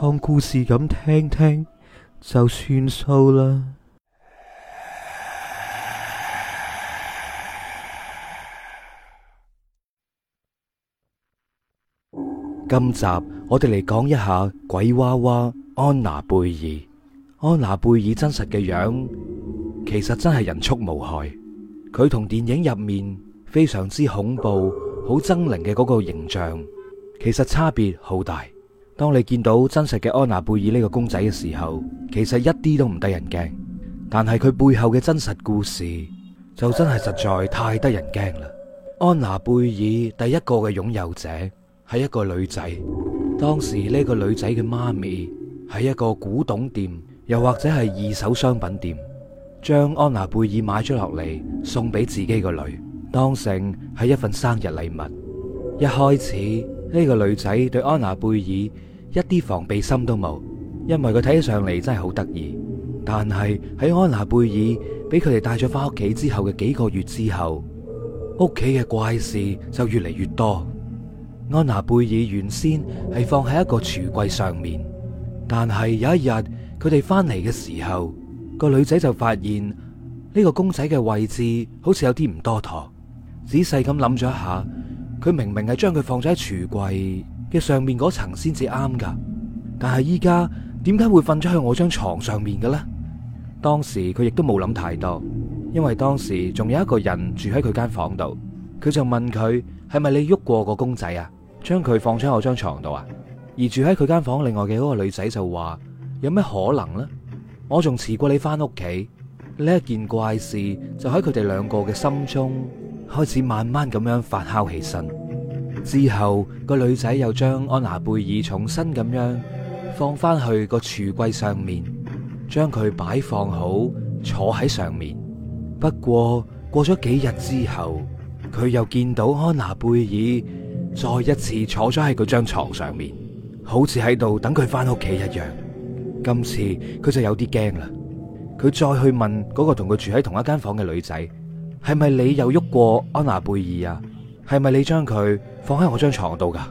當故事咁聽聽就算數啦。今集我哋嚟講一下鬼娃娃，安娜貝爾。安娜貝爾真實嘅樣其實真係人畜無害，佢同電影入面非常之恐怖，好猙獰嘅嗰個形象，其實差別好大。當你見到真實嘅安娜貝爾呢個公仔嘅時候，其實一啲都唔得人驚，但係佢背後嘅真實故事就真係實在太得人驚啦！安娜貝爾第一個嘅擁有者係一個女仔，當時呢個女仔嘅媽咪喺一個古董店，又或者係二手商品店，將安娜貝爾買咗落嚟送俾自己個女，當成係一份生日禮物。一開始呢個女仔對安娜貝爾，一啲防備心都冇，因為佢睇起上嚟真係好得意。但係喺安娜貝爾俾佢哋帶咗翻屋企之後嘅幾個月之後，屋企嘅怪事就越嚟越多。安娜貝爾原先係放喺一個櫥櫃上面，但係有一日佢哋翻嚟嘅時候，個女仔就發現呢個公仔嘅位置好似有啲唔多妥。仔細咁諗咗一下，佢明明係將佢放咗喺櫥櫃。嘅上面嗰層先至啱噶，但係依家點解會瞓咗喺我張床上面嘅咧？當時佢亦都冇諗太多，因為當時仲有一個人住喺佢間房度，佢就問佢係咪你喐過個公仔啊，將佢放咗喺我張床度啊？而住喺佢間房另外嘅嗰個女仔就話：有咩可能呢？我仲遲過你翻屋企。呢一件怪事，就喺佢哋兩個嘅心中開始慢慢咁樣發酵起身。之後嗰個女仔又將安娜貝爾重新咁樣放翻去個櫥櫃上面，將佢擺放好，坐喺上面。不過過咗幾日之後，佢又見到安娜貝爾再一次坐咗喺佢張床上面，好似喺度等佢翻屋企一樣。今次佢就有啲驚啦，佢再去問嗰個同佢住喺同一間房嘅女仔，係咪你又喐過安娜貝爾啊？係咪你將佢放喺我張床度噶？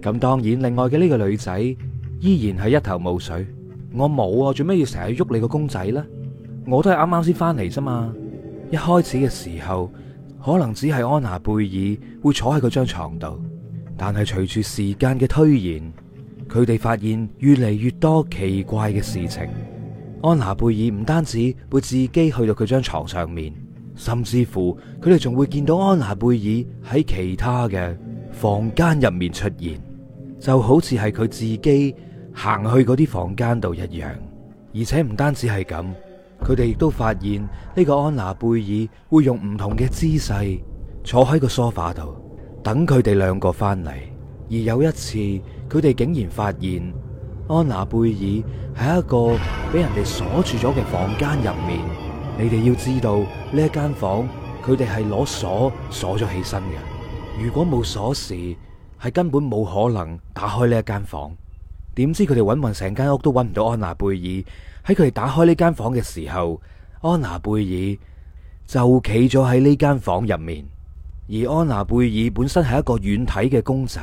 咁當然，另外嘅呢個女仔依然係一頭霧水。我冇啊，做咩要成日喐你個公仔呢？我都係啱啱先翻嚟啫嘛。一開始嘅時候，可能只係安娜貝爾會坐喺佢張床度，但係隨住時間嘅推延，佢哋發現越嚟越多奇怪嘅事情。安娜貝爾唔單止會自己去到佢張床上面。甚至乎，佢哋仲會見到安娜貝爾喺其他嘅房間入面出現，就好似係佢自己行去嗰啲房間度一樣。而且唔單止係咁，佢哋亦都發現呢個安娜貝爾會用唔同嘅姿勢坐喺個梳化度，等佢哋兩個翻嚟。而有一次，佢哋竟然發現安娜貝爾喺一個俾人哋鎖住咗嘅房間入面。你哋要知道呢一間房，佢哋係攞鎖鎖咗起身嘅。如果冇鎖匙，係根本冇可能打開呢一間房。點知佢哋搵匀成間屋都搵唔到安娜貝爾。喺佢哋打開呢間房嘅時候，安娜貝爾就企咗喺呢間房入面。而安娜貝爾本身係一個軟體嘅公仔，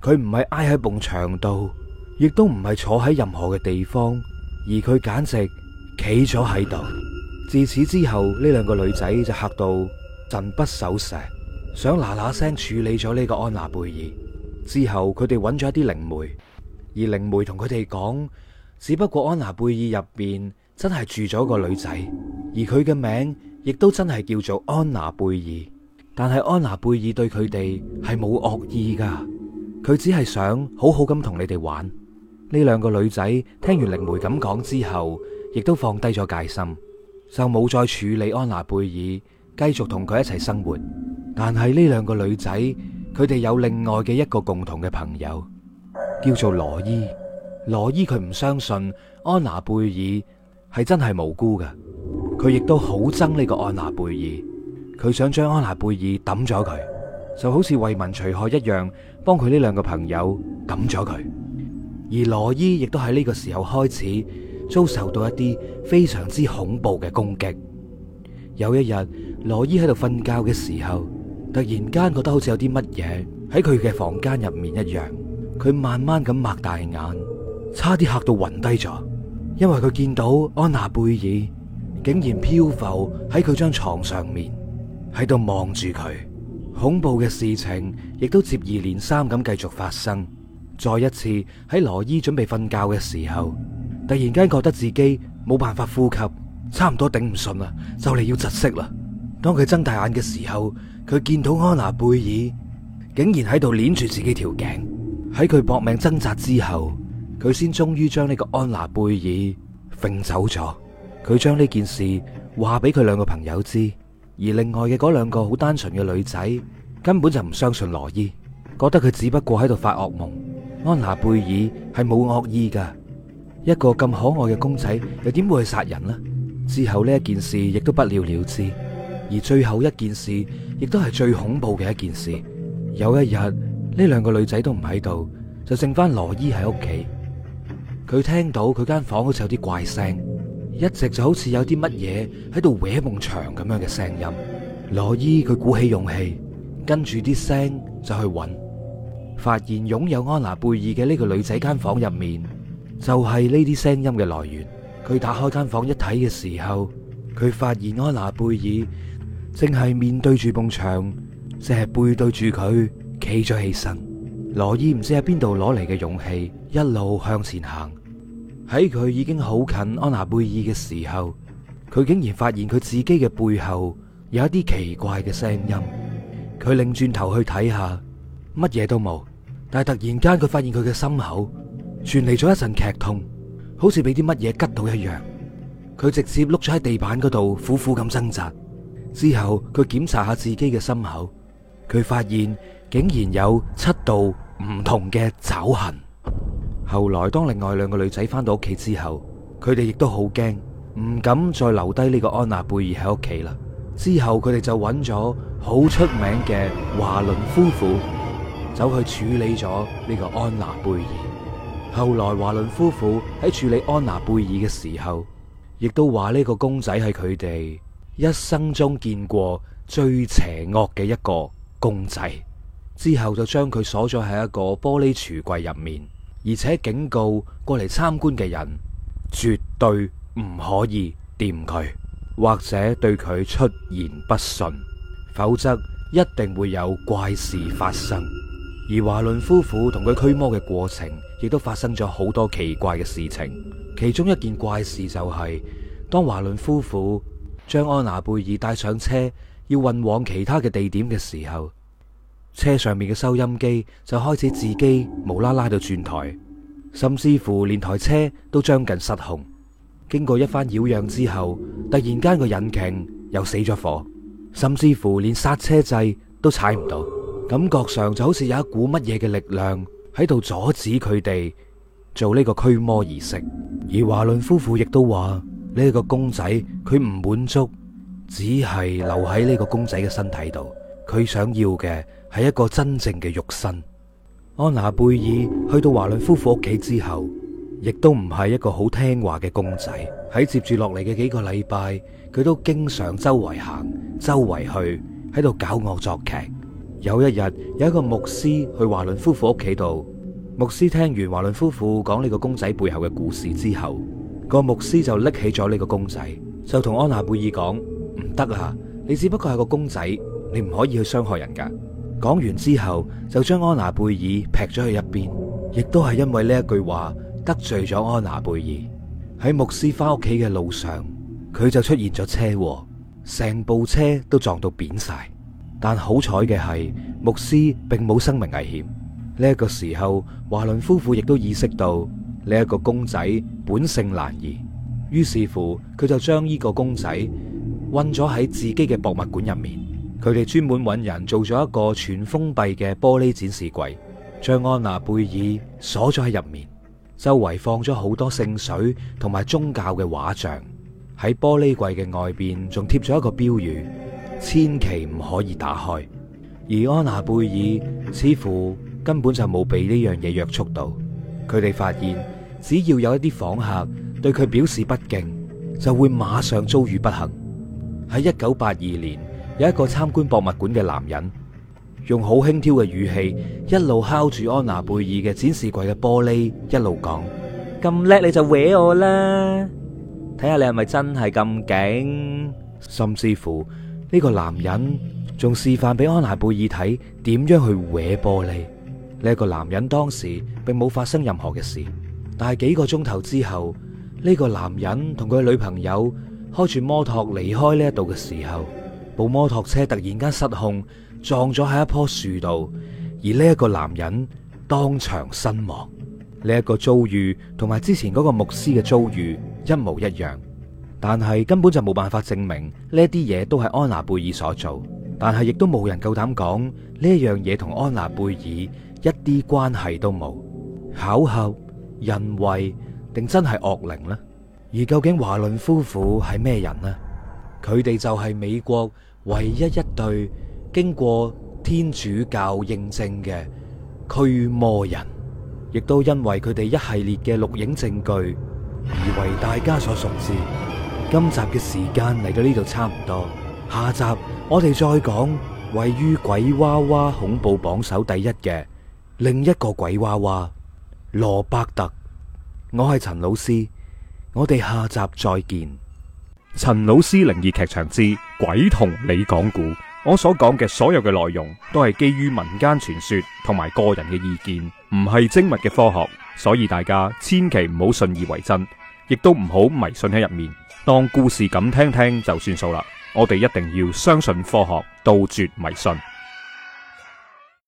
佢唔係挨喺埲牆度，亦都唔係坐喺任何嘅地方，而佢簡直企咗喺度。自此之後，呢兩個女仔就嚇到神不守舍，想嗱嗱聲處理咗呢個安娜貝爾。之後佢哋揾咗一啲靈媒，而靈媒同佢哋講，只不過安娜貝爾入邊真係住咗個女仔，而佢嘅名亦都真係叫做安娜貝爾。但係安娜貝爾對佢哋係冇惡意噶，佢只係想好好咁同你哋玩。呢兩個女仔聽完靈媒咁講之後，亦都放低咗戒心。就冇再處理安娜貝爾，繼續同佢一齊生活。但係呢兩個女仔，佢哋有另外嘅一個共同嘅朋友，叫做羅伊。羅伊佢唔相信安娜貝爾係真係無辜㗎，佢亦都好憎呢個安娜貝爾，佢想將安娜貝爾抌咗佢，就好似為民除害一樣，幫佢呢兩個朋友抌咗佢。而羅伊亦都喺呢個時候開始。遭受到一啲非常之恐怖嘅攻擊。有一日，羅伊喺度瞓覺嘅時候，突然間覺得好似有啲乜嘢喺佢嘅房間入面一樣。佢慢慢咁擘大眼，差啲吓到暈低咗，因為佢見到安娜貝爾竟然漂浮喺佢張床上面，喺度望住佢。恐怖嘅事情亦都接二連三咁繼續發生。再一次喺羅伊準備瞓覺嘅時候，突然間覺得自己冇辦法呼吸，差唔多頂唔順啦，就嚟要窒息啦。當佢睜大眼嘅時候，佢見到安娜貝爾竟然喺度捻住自己條頸。喺佢搏命掙扎之後，佢先終於將呢個安娜貝爾揈走咗。佢將呢件事話俾佢兩個朋友知，而另外嘅嗰兩個好單純嘅女仔根本就唔相信羅伊，覺得佢只不過喺度發惡夢。安娜貝爾係冇惡意噶。一個咁可愛嘅公仔又點會去殺人呢？之後呢一件事亦都不了了之，而最後一件事亦都係最恐怖嘅一件事。有一日呢兩個女仔都唔喺度，就剩翻，羅伊喺屋企。佢聽到佢間房好似有啲怪聲，一直就好似有啲乜嘢喺度搲夢牆咁樣嘅聲音。羅伊佢鼓起勇氣，跟住啲聲就去揾，發現擁有安娜貝爾嘅呢個女仔間房入面，就係呢啲聲音嘅來源。佢打開間房一睇嘅時候，佢發現安娜貝爾正係面對住埲牆，淨係背對住佢企咗起身。羅伊唔知喺邊度攞嚟嘅勇氣，一路向前行。喺佢已經好近安娜貝爾嘅時候，佢竟然發現佢自己嘅背後有一啲奇怪嘅聲音。佢擰轉頭去睇下，乜嘢都冇。但係突然間，佢發現佢嘅心口，傳嚟咗一陣劇痛，好似俾啲乜嘢拮到一樣。佢直接碌咗喺地板嗰度，苦苦咁掙扎。之後佢檢查下自己嘅心口，佢發現竟然有七道唔同嘅爪痕。後來當另外兩個女仔翻到屋企之後，佢哋亦都好驚，唔敢再留低呢個安娜貝爾喺屋企啦。之後佢哋就揾咗好出名嘅華倫夫婦，走去處理咗呢個安娜貝爾。後來華倫夫婦喺處理安娜貝爾嘅時候，亦都話呢個公仔係佢哋一生中見過最邪惡嘅一個公仔。之後就將佢鎖咗喺一個玻璃櫥櫃入面，而且警告過嚟參觀嘅人絕對唔可以掂佢，或者對佢出言不遜，否則一定會有怪事發生。而華倫夫婦同佢驅魔嘅過程，亦都發生咗好多奇怪嘅事情。其中一件怪事就係，當華倫夫婦將安娜貝爾帶上車，要運往其他嘅地點嘅時候，車上面嘅收音機就開始自己無啦啦到轉台，甚至乎連台車都將近失控。經過一番擾攘之後，突然間個引擎又死咗火，甚至乎連剎車掣都踩唔到。感覺上就好似有一股乜嘢嘅力量喺度阻止佢哋做呢個驅魔儀式。而華倫夫婦亦都話，呢個公仔佢唔滿足，只係留喺呢個公仔嘅身體度。佢想要嘅係一個真正嘅肉身。安娜貝爾去到華倫夫婦屋企之後，亦都唔係一個好聽話嘅公仔。喺接住落嚟嘅幾個禮拜，佢都經常周圍行，周圍去，喺度搞惡作劇。有一日，有一個牧師去華倫夫婦屋企度。牧師聽完華倫夫婦講呢個公仔背後嘅故事之後，個牧師就拎起咗呢個公仔，就同安娜貝爾講：唔得啊，你只不過係個公仔，你唔可以去傷害人噶。講完之後，就將安娜貝爾劈咗去一邊。亦都係因為呢一句話得罪咗安娜貝爾。喺牧師翻屋企嘅路上，佢就出現咗車禍，成部車都撞到扁晒，但好彩嘅係，牧師並冇生命危險。呢一個時候，華倫夫婦亦都意識到呢一個公仔本性難移，於是乎佢就將呢個公仔韞咗喺自己嘅博物館入面。佢哋專門揾人做咗一個全封閉嘅玻璃展示櫃，將安娜貝爾鎖咗喺入面。周圍放咗好多聖水同埋宗教嘅畫像，喺玻璃櫃嘅外邊仲貼咗一個標語。千祈唔可以打開，而安娜貝爾似乎根本就冇俾呢樣嘢約束到。佢哋發現，只要有一啲訪客對佢表示不敬，就會馬上遭遇不幸。喺一九八二年，有一個參觀博物館嘅男人，用好輕佻嘅語氣，一路敲住安娜貝爾嘅展示櫃嘅玻璃，一路講：咁叻你就搲我啦，睇下你係咪真係咁勁，甚至乎。呢個男人仲示範俾安娜貝爾睇點樣去搲玻璃。呢一個男人當時並冇發生任何嘅事，但係幾個鐘頭之後，呢個男人同佢女朋友開住摩托離開呢一度嘅時候，部摩托車突然間失控撞咗喺一棵樹度，而呢一個男人當場身亡。呢一個遭遇同埋之前嗰個牧師嘅遭遇一模一樣。但係根本就冇辦法證明呢啲嘢都係安娜貝爾所做，但係亦都冇人夠膽講呢樣嘢同安娜貝爾一啲關係都冇。巧合、人為定真係惡靈呢？而究竟華倫夫婦係咩人呢？佢哋就係美國唯一一對經過天主教認證嘅驅魔人，亦都因為佢哋一系列嘅錄影證據而為大家所熟知。今集嘅時間嚟到呢度差唔多，下集我哋再講位於鬼娃娃恐怖榜首第一嘅另一個鬼娃娃羅伯特。我係陳老師，我哋下集再見。陳老師靈異劇場之鬼同你講古。我所講嘅所有嘅內容都係基於民間傳說同埋個人嘅意見，唔係精密嘅科學，所以大家千祈唔好信以為真，亦都唔好迷信喺入面。當故事咁聽聽就算數啦，我哋一定要相信科學，杜絕迷信。